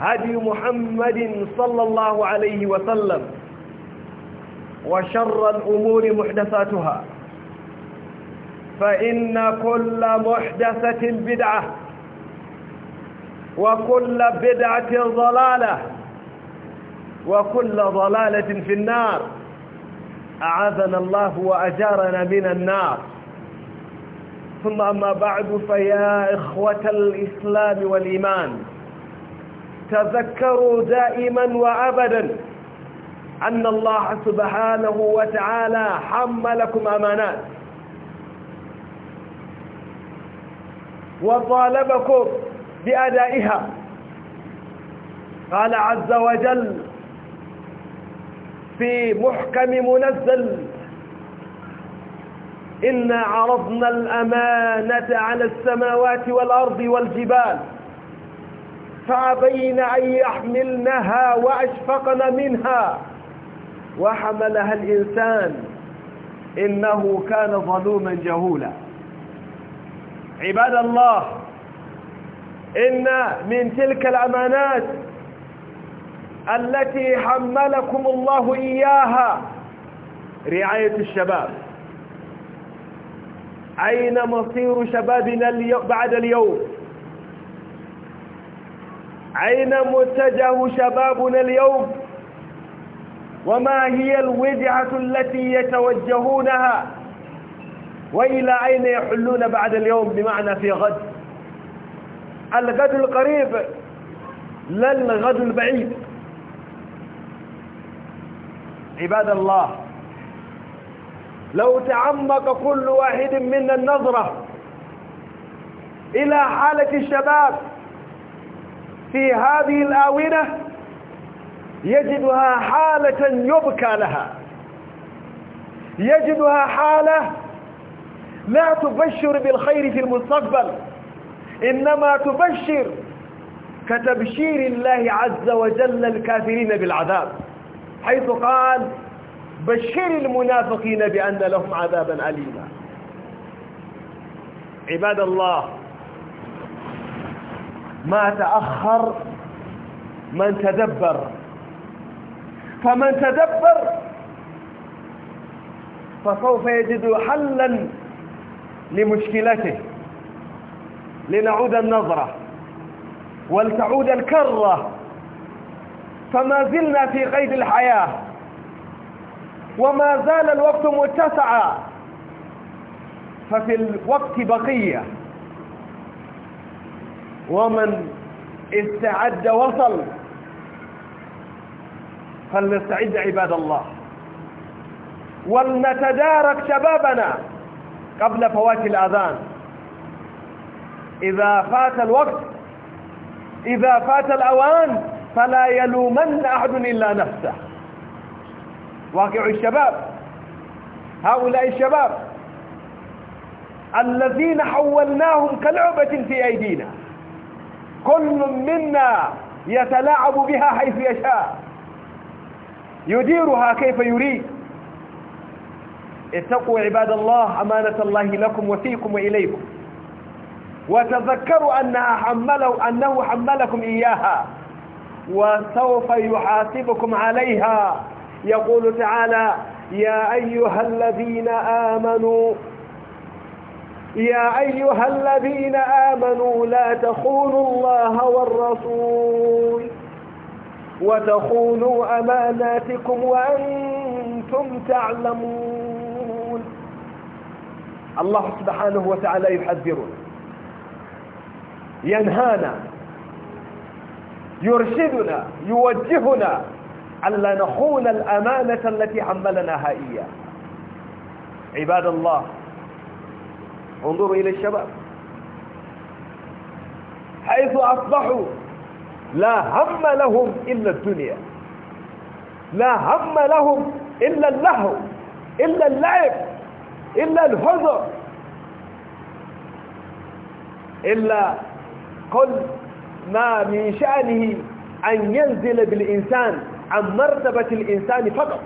هدي محمد صلى الله عليه وسلم وشر الأمور محدثاتها فإن كل محدثة بدعة وكل بدعة ضلالة وكل ضلالة في النار أعاذنا الله وأجارنا من النار ثم أما بعد فيا إخوة الإسلام والإيمان تذكروا دائما وابدا أن الله سبحانه وتعالى حملكم أمانات وطالبكم بأدائها قال عز وجل في محكم منزل إنا عرضنا الأمانة على السماوات والأرض والجبال فأبين أن يحملنها وأشفقن منها وحملها الإنسان إنه كان ظلوما جهولا عباد الله إن من تلك الأمانات التي حملكم الله إياها رعاية الشباب أين مصير شبابنا بعد اليوم أين متجه شبابنا اليوم وما هي الوجعة التي يتوجهونها وإلى أين يحلون بعد اليوم بمعنى في غد الغد القريب لا الغد البعيد عباد الله لو تعمق كل واحد منا النظرة إلى حالة الشباب في هذه الآونة يجدها حالة يبكى لها يجدها حالة لا تبشر بالخير في المستقبل إنما تبشر كتبشير الله عز وجل الكافرين بالعذاب حيث قال بشر المنافقين بأن لهم عذابا أليما عباد الله ما تأخر من تدبر فمن تدبر فسوف يجد حلا لمشكلته لنعود النظرة ولتعود الكرة فما زلنا في قيد الحياة وما زال الوقت متسعا ففي الوقت بقيه ومن استعد وصل فلنستعد عباد الله ولنتدارك شبابنا قبل فوات الأذان إذا فات الوقت إذا فات الأوان فلا يلومن أحد إلا نفسه واقع الشباب هؤلاء الشباب الذين حولناهم كلعبة في أيدينا كل منا يتلاعب بها حيث يشاء يديرها كيف يريد اتقوا عباد الله أمانة الله لكم وفيكم وإليكم وتذكروا أنها حملوا أنه حملكم إياها وسوف يحاسبكم عليها يقول تعالى يا أيها الذين آمنوا يا أيها الذين آمنوا لا تخونوا الله والرسول وتخونوا أماناتكم وأنتم تعلمون الله سبحانه وتعالى يحذرنا ينهانا يرشدنا يوجهنا ألا نخون الأمانة التي حملناها إياه عباد الله انظروا إلى الشباب حيث أصبحوا لا هم لهم إلا الدنيا لا هم لهم إلا اللهو إلا اللعب إلا الهزر إلا قل ما من شأنه أن ينزل بالإنسان عن مرتبة الإنسان فقط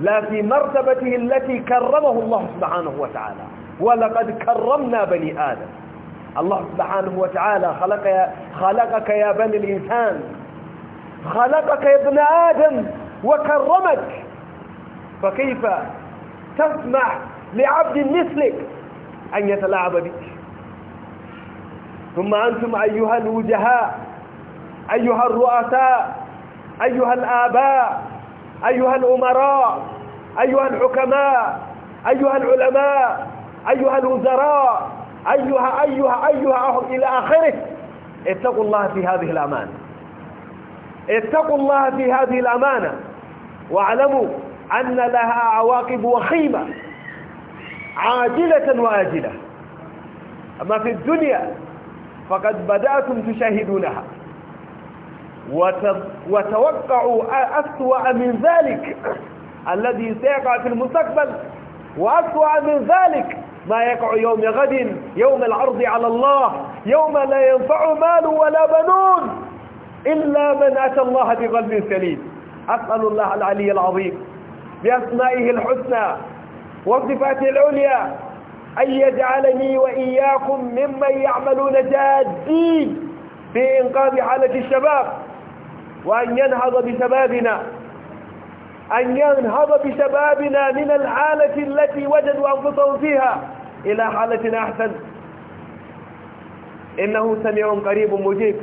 لا في مرتبته التي كرمه الله سبحانه وتعالى ولقد كرمنا بني آدم الله سبحانه وتعالى خلق يا خلقك يا بني الإنسان خلقك يا ابن آدم وكرمك فكيف تسمح لعبد مثلك أن يتلاعب بك ثم أنتم أيها الوجهاء أيها الرؤساء أيها الآباء أيها الأمراء أيها الحكماء أيها العلماء أيها الوزراء أيها أيها أيها أهم إلى آخره اتقوا الله في هذه الأمانة اتقوا الله في هذه الأمانة واعلموا أن لها عواقب وخيمة عاجلة وآجلة أما في الدنيا فقد بدأتم تشاهدونها وتوقعوا أسوأ من ذلك الذي سيقع في المستقبل وأسوأ من ذلك ما يقع يوم غد يوم العرض على الله يوم لا ينفع مال ولا بنون إلا من أتى الله بقلب سليم أسأل الله العلي العظيم بأسمائه الحسنى وصفاته العليا أن يجعلني وإياكم ممن يعملون جادين في إنقاذ حالة الشباب وأن ينهض بشبابنا أن ينهض بشبابنا من الحالة التي وجدوا أنفسهم فيها إلى حالة أحسن إنه سميع قريب مجيب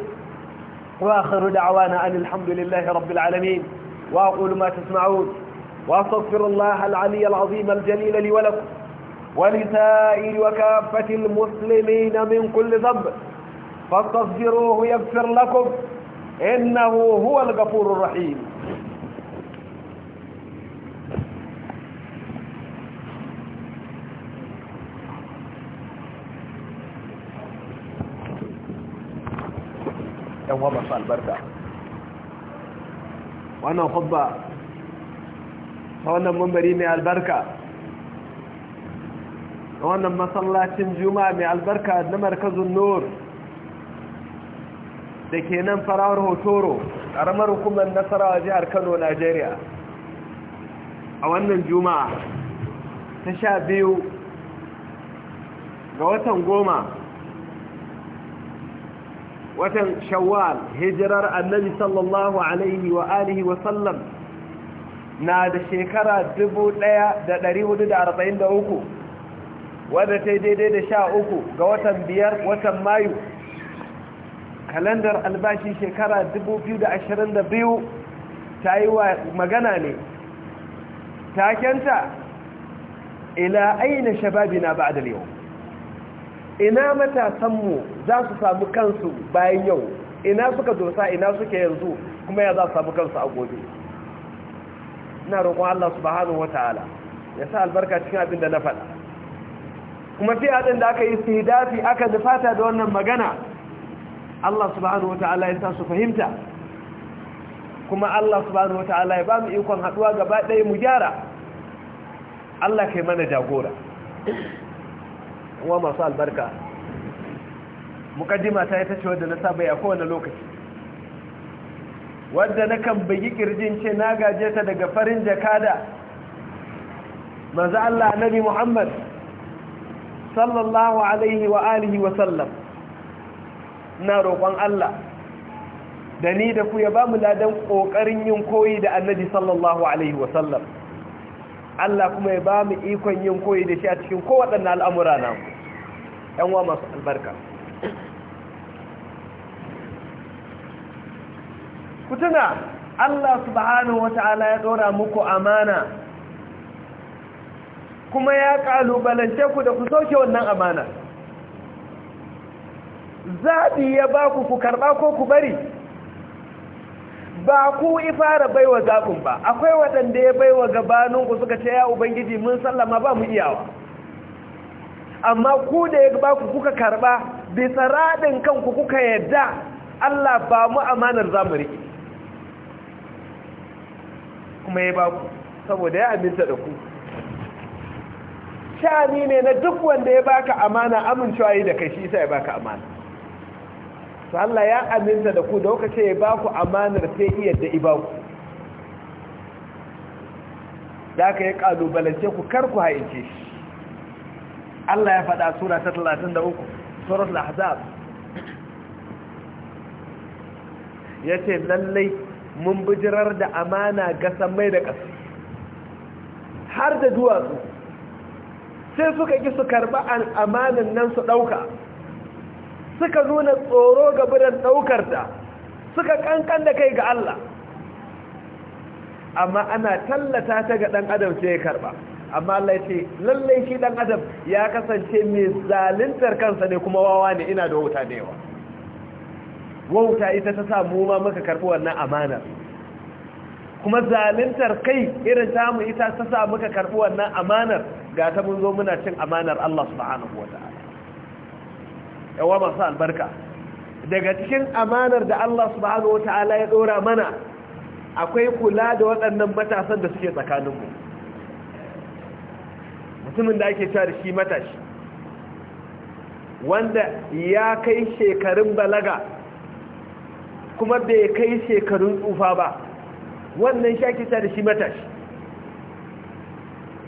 وآخر دعوانا أن الحمد لله رب العالمين وأقول ما تسمعون وأستغفر الله العلي العظيم الجليل لي ولكم ولسائر وكافة المسلمين من كل ذنب فاستغفروه يغفر لكم إنه هو الغفور الرحيم yan wa masu albarka wannan hubba ta wannan mambari mai albarka ta wannan masallacin juma'a mai albarka na markazin nur da ke nan farawar hotoro ƙaramar hukumar nasarawa jihar kano najeriya a wannan juma'a ta sha biyu ga watan goma watan shawwal hijirar annabi sallallahu alaihi wa alihi wa sallam na da shekara 1443 wadda ta daidai da sha uku ga watan biyar watan mayu kalandar albashi shekara 2022 ta yi wa magana ne takenta ila aina shababi shababina ba'da yau ina matasanmu za su samu kansu bayan yau ina suka dosa ina suke yanzu kuma ya za su samu kansu a gobe ina roƙon Allah subhanahu wataala ya sa albarka cikin abin da na faɗa kuma fi haɗin da aka yi sidafi aka nufata da wannan magana Allah subhanahu wataala ya sa su fahimta kuma Allah subhanahu wataala ya ba mu ikon haɗuwa gaba ɗaya mu gyara Allah kai mana jagora wa masu albarka mukaddima ta yi ta cewa da na sabai a kowane lokaci wadda na kan bugi kirjin ce na gaje ta daga farin jakada manzo Allah annabi Muhammad sallallahu alaihi wa alihi wa sallam na roƙon Allah da ni da ku ya bamu mu ladan ƙoƙarin yin koyi da annabi sallallahu alaihi wa sallam Allah kuma ya ba mu ikon yin koyi da shi a cikin kowaɗanne al'amura na ‘yan wa masu albarka. Kutuna, Allah subhanahu wa ta'ala ya ɗora muku amana, kuma ya ƙalubalance ku da ku soke wannan amana. Zaɓi ya ba ku ku karɓa ko ku bari. ba ku ifara baiwa zakun ba akwai waɗanda ya baiwa gabaninku suka ce ya ubangiji mun sallama ba mu iyawa amma ku da ya ba ku kuka karba bisa radin kanku kuka yadda Allah ba mu amanar zamuri kuma ya ba ku saboda ya aminta da ku sha'ani ne na duk wanda ya baka amana amincewa yi da kai shi sai ya baka amana to Allah ya aminta da ku da kuka ce ya baku amanar sai iya da ibaku da aka yi kalubalance ku kar ku haice shi Allah ya faɗa sura ta 33 surat al-ahzab yace lallai mun bijirar da amana ga samai da ƙasa har da duwatsu sai suka ki su karba amanan nan su ɗauka suka nuna tsoro ga bidan ɗaukarta suka ƙanƙan da kai ga Allah amma ana tallata ta ga ɗan adam sai ya karɓa amma Allah ce lallai shi ɗan adam ya kasance mai zaluntar kansa ne kuma wawa ne ina da wauta da yawa wauta ita ta samu ma muka karɓi wannan amanar kuma zaluntar kai irin tamu ita ta sa muka karɓi wannan amanar ga ta mun zo muna cin amanar Allah subhanahu wataala yawa masu albarka daga cikin amanar da Allah subhanahu Ta'ala ya dora mana akwai kula da waɗannan matasan da suke tsakaninmu mutumin da ake cari da shi matashi wanda ya kai shekarun balaga kuma bai kai shekarun tsufa ba wannan shi ake shi matashi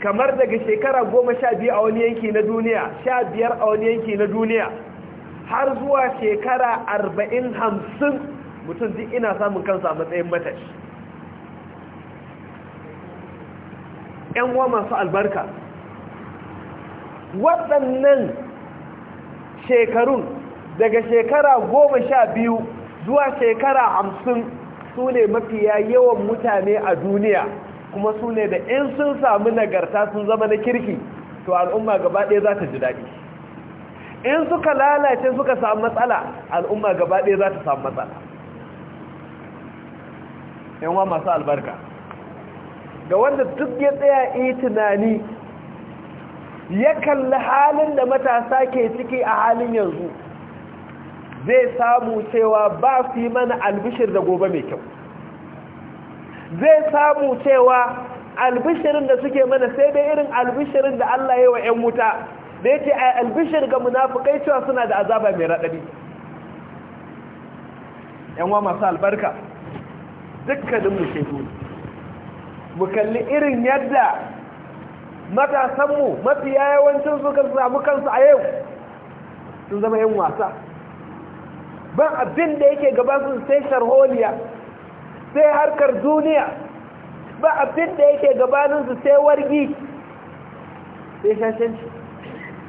kamar daga shekara goma sha biyu a wani yanki na duniya sha biyar a wani yanki na duniya har zuwa shekara arba'in hamsin mutum duk ina samun kansa a matsayin matashi ‘yan uwa masu albarka waɗannan shekarun daga shekara goma sha biyu zuwa shekara hamsin su ne mafiya yawan mutane a duniya kuma su ne da in sun samu nagarta sun zama na kirki to al'umma gaba ɗaya za ta ji daɗi in suka lalace suka samu matsala al'umma gaba ɗaya za ta samu matsala yanwa masu albarka ga wanda duk ya tsaya iya tunani ya kalli halin da matasa ke ciki a halin yanzu zai samu cewa ba su yi mana albishir da gobe mai kyau zai samu cewa albishirin da suke mana sai dai irin albishirin da Allah yi wa 'yan wuta da yake a albishir ga munafukai cewa suna da azaba mai raɗaɗi yanwa masu albarka dukkaninmu shehu mu kalli irin yadda matasanmu mafi yawancin su kan samu kansu a yau sun zama yin wasa ban abin da yake gabansu sai sharholiya sai harkar duniya ba abin da yake gabaninsu sai wargi sai shashanci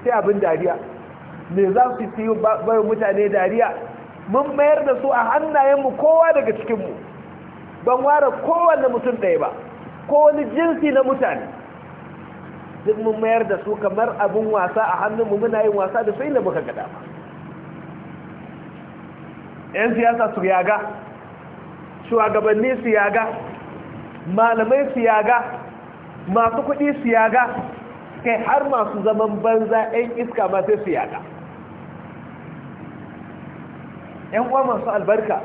sai abin dariya me za su yi bai mutane dariya mun mayar da su a hannayenmu kowa daga cikinmu ban ware kowanne mutum ɗaya ba wani jinsi na mutane duk mun mayar da su kamar abin wasa a hannunmu muna yin wasa da su inda muka gada ba 'yan siyasa su yaga shugabanni su yaga malamai su yaga masu kuɗi su yaga kai har masu zaman banza 'yan iska ma sai su yada ‘yan uwa masu albarka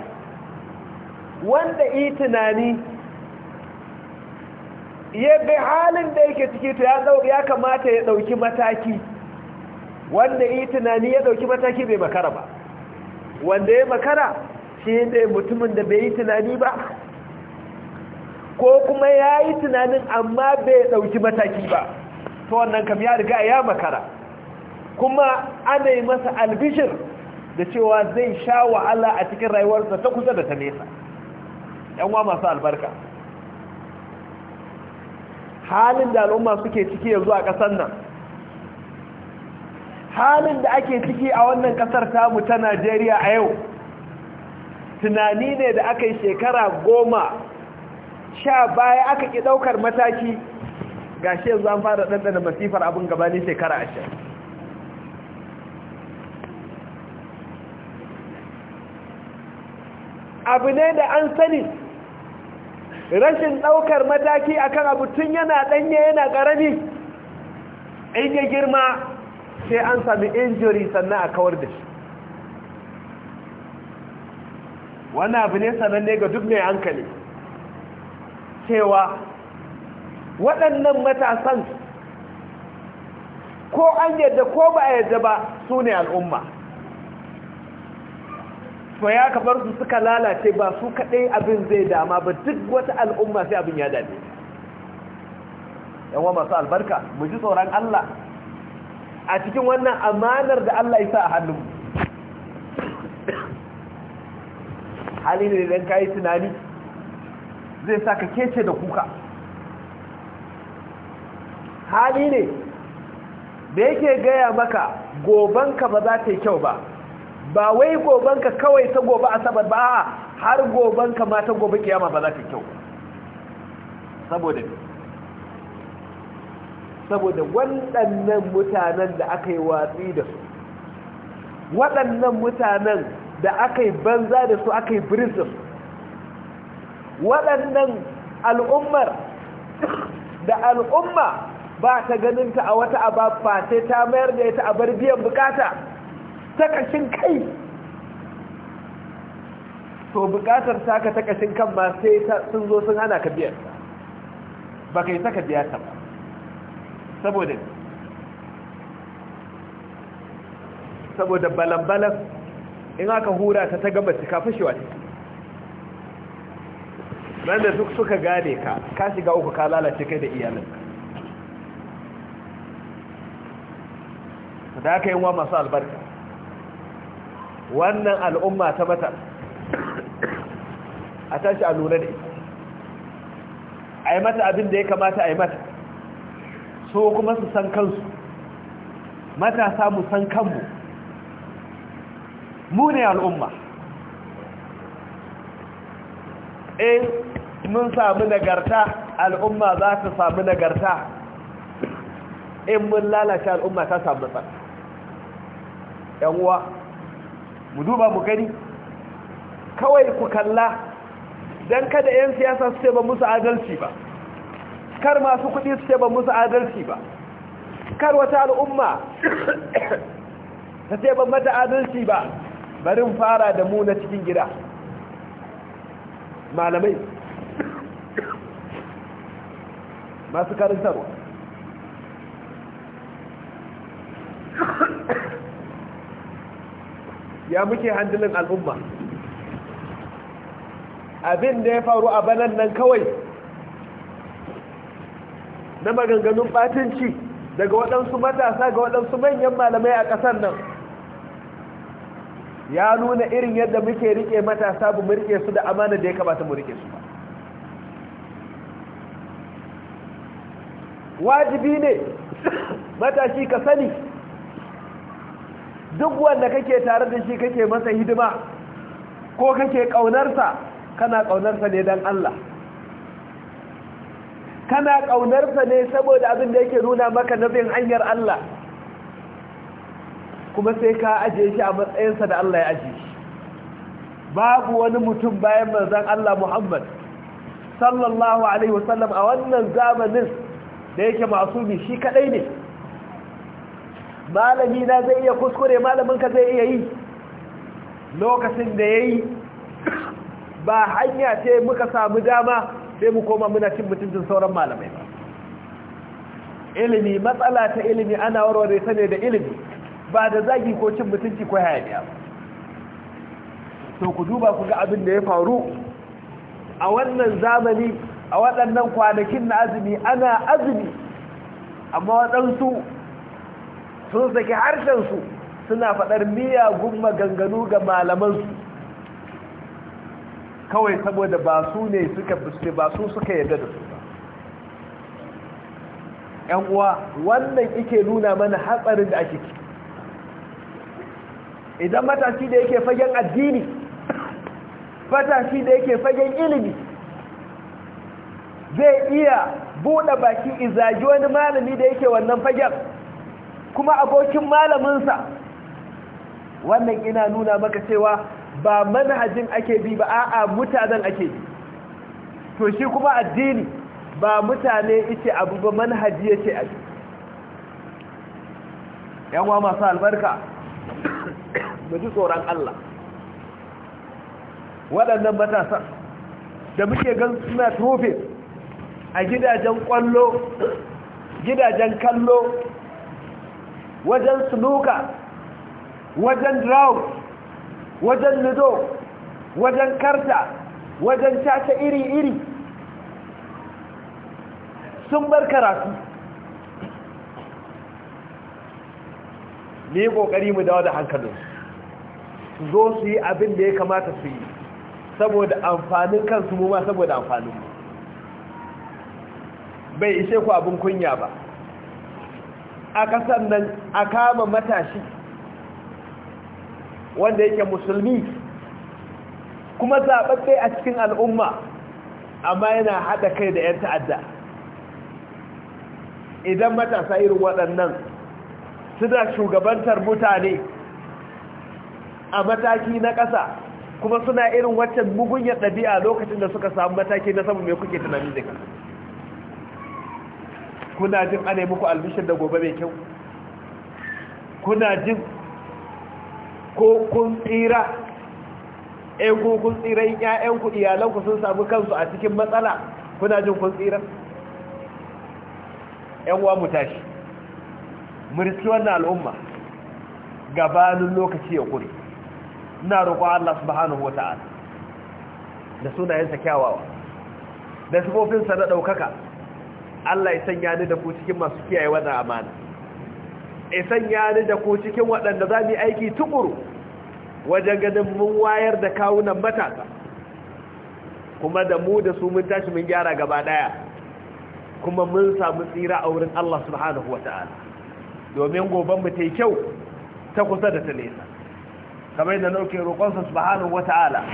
wanda yi tunani ya bi halin da yake ciki to ya kamata ya ɗauki mataki wanda yi tunani ya ɗauki mataki bai makara ba wanda ya makara shi ne mutumin da bai yi tunani ba ko kuma ya yi tunanin amma bai ɗauki mataki ba ta wannan kam ya riga ya makara kuma ana yi masa albishir da cewa zai sha wa'ala a cikin rayuwarsa ta kusa da ta nesa yanwa masu albarka halin da al'umma suke ciki yanzu a ƙasar nan halin da ake ciki a wannan ƙasar tamu ta najeriya a yau tunani ne da aka yi shekara goma sha baya aka ƙi ɗaukar mataki gashi yanzu an fara ɗanɗana masifar abin gabani shekara ashirin abu ne da an sani rashin ɗaukar mataki akan abu tun yana ɗanye yana ƙarami in yi girma sai an sami injuri sannan a kawar da shi Wani abu ne sananne ga duk mai hankali cewa waɗannan matasan ko an yadda ko ba a yadda ba su ne al'umma to ya kabar su suka lalace ba su kaɗai abin zai dama ba duk wata al'umma sai abin ya dade yawon masu albarka mu ji tsoron Allah a cikin wannan amanar da Allah isa sa a hannunmu hali ne ka kayi tunani zai sa ka kece da kuka hali ne da yake gaya maka gobanka ba za ta yi kyau ba ba wai gobanka kawai ta gobe asabar ba har gobanka ma ta gobe kiyama ba za ta yi kyau saboda saboda waɗannan mutanen da aka yi watsi da su waɗannan mutanen da aka yi banza da su aka yi biris da su waɗannan al'ummar da al'umma ba ta ganin ta a wata aba sai ta mayar da ita a bar biyan bukata ta kashin kai to bukatar saka ta kashin kan ba sai sun zo sun hana ka biyan ba kai saka biya ta ba saboda saboda balan-balan in aka hura ta ta gaba cika fashewa ta nan duk suka gane ka ka shiga uku ka lalace kai da iyalinka da aka yi wa masu albarka wannan al'umma ta mata a tashi a lura da ita a yi mata abin da ya kamata a yi mata so kuma su san kansu matasa mu san kanmu mu ne al'umma in eh, mun sami nagarta al'umma za ta sami nagarta in mun lalace al'umma ta samu matsala yan uwa mu duba mu gani kawai ku kalla don kada 'yan siyasa su ce ba musu adalci ba kar masu kudi su ce ba musu adalci ba kar wata al'umma ta ce ba mata adalci ba barin fara da mu na cikin gida malamai masu karin karantarwa ya muke handilin al'umma abin da ya faru a banan nan kawai na maganganun batinci daga waɗansu matasa ga waɗansu manyan malamai a ƙasar nan ya nuna irin yadda muke riƙe matasa bu mu riƙe su da amana da ya kamata mu rike su ba wajibi ne matashi ka sani duk wanda kake tare da shi kake masa hidima ko kake kaunarsa kana kaunarsa ne don Allah kana kaunarsa ne saboda abin da yake nuna maka nufin hanyar Allah kuma sai ka ajiye shi a matsayinsa da Allah ya ajiye shi babu wani mutum bayan manzon Allah Muhammad sallallahu alaihi wasallam a wannan zamanin da yake masumi shi kadai ne malami na zai iya kuskure malamin ka zai iya yi lokacin da yayi ba hanya ce muka samu dama sai mu koma muna cin mutuncin sauran malamai ba ilimi matsala ta ilimi ana warware ta ne da ilimi ba da zagi ko cin mutunci ko hayaniya to ku duba ku ga abin da ya faru a wannan zamani a waɗannan kwanakin na azumi ana azumi amma waɗansu sun saki harshensu suna faɗar miyagun maganganu ga malamansu kawai saboda ba su ne suka fuske ba su suka yadda da su ba uwa wannan ike nuna mana hatsarin da ake ciki idan matashi da yake fagen addini matashi da yake fagen ilimi zai iya buɗe baki izagi wani malami da yake wannan fagen kuma abokin malaminsa wannan ina nuna maka cewa ba manhajin ake bi ba a'a mutanen ake bi to shi kuma addini ba mutane yace abu ba manhaji yace abu yanwa masu albarka mu ji tsoron Allah waɗannan matasa da muke gan suna tofe a gidajen kwallo gidajen kallo wajen snooker wajen round wajen nido wajen karta wajen caca iri-iri sun bar karatu ne kokari mu da da hankalin? su zo su yi abin da ya kamata su yi saboda amfanin kansu mu ma saboda amfanin mu bai ishe ku abin kunya ba a kasan nan a kama matashi wanda yake musulmi kuma zaɓaɓɓe a cikin al'umma amma yana haɗa kai da 'yan ta'adda idan matasa irin waɗannan suna shugabantar mutane a mataki na ƙasa kuma suna irin waccan mugunyar ɗabi'a lokacin da suka samu mataki na sama mai kuke tunani da kuna jin ana muku albishir da gobe mai kyau kuna jin ko kun tsira ɗan eh, ko kun tsiran ƴaƴanku iyalanku sun samu kansu a cikin matsala kuna jin kun tsira ƴanwa mu tashi murci wannan al'umma gabanin lokaci ya kure ina roƙon Allah subhanahu wata'ala da sunayensa kyawawa da sifofinsa na ɗaukaka Allah ya sanya ni da ku cikin masu kiyaye wannan amana ya sanya ni da ku cikin waɗanda za mu yi aiki tukuru wajen ganin mun wayar da kawunan matasa kuma da mu da su mun tashi mun gyara gaba daya kuma mun samu tsira a wurin Allah subhanahu wata'ala domin goban mu tai kyau ta kusa da ta nesa kamar yadda nauke roƙonsa subhanahu wata'ala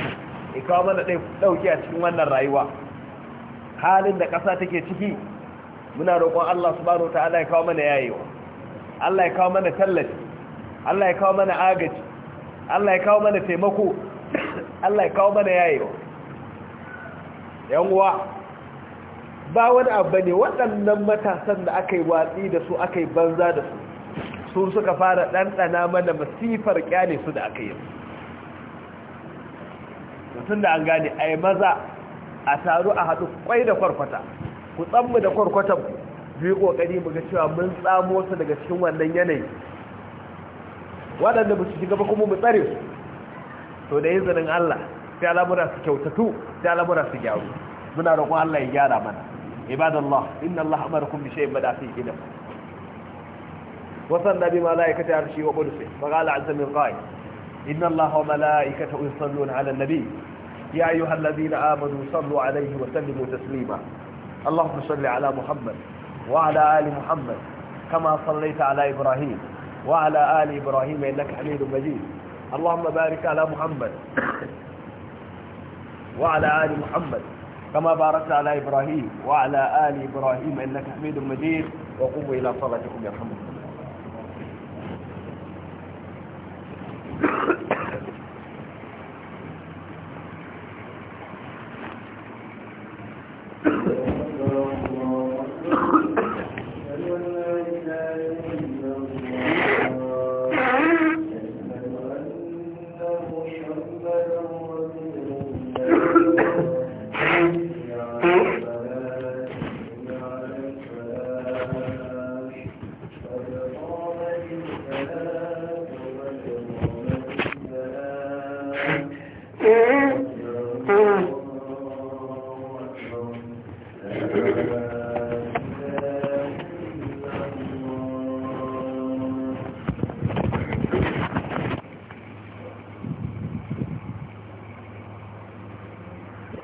ya kawo mana dauki a cikin wannan rayuwa halin da ƙasa take ciki muna roƙon Allah subhanahu ta'ala ya kawo mana yayewa Allah ya kawo mana tallafi Allah ya kawo mana agaji Allah ya kawo mana taimako Allah ya kawo mana yayewa yan uwa ba wani abu bane waɗannan matasan da aka yi watsi da su aka yi banza da su sun suka fara ɗanɗana mana masifar ƙyale su da aka yi mutum da an gane a maza a taru a haɗu kwai da kwarkwata ku tsammu da kwarkwatan mu yi kokari mu ga cewa mun tsamo su daga cikin wannan yanayi waɗanda ba su shiga ba kuma mu tsare su to da izinin Allah sai al'amura su kyautatu sai al'amura su gyaru muna roƙon Allah ya gyara mana ibadallah inna Allah amarakum bi shay'in bada fi ilam wasan nabi malaikata arshi wa qudsi faqala azza min qa'il inna Allah wa malaikatahu yusalluna 'ala an-nabi ya ayyuhalladhina amanu sallu 'alayhi wa sallimu taslima اللهم صل على محمد وعلى آل محمد كما صليت على إبراهيم وعلى آل إبراهيم إنك حميد مجيد اللهم بارك على محمد وعلى آل محمد كما باركت على إبراهيم وعلى آل إبراهيم إنك حميد مجيد وقوموا إلى صلاتكم يا Thank you.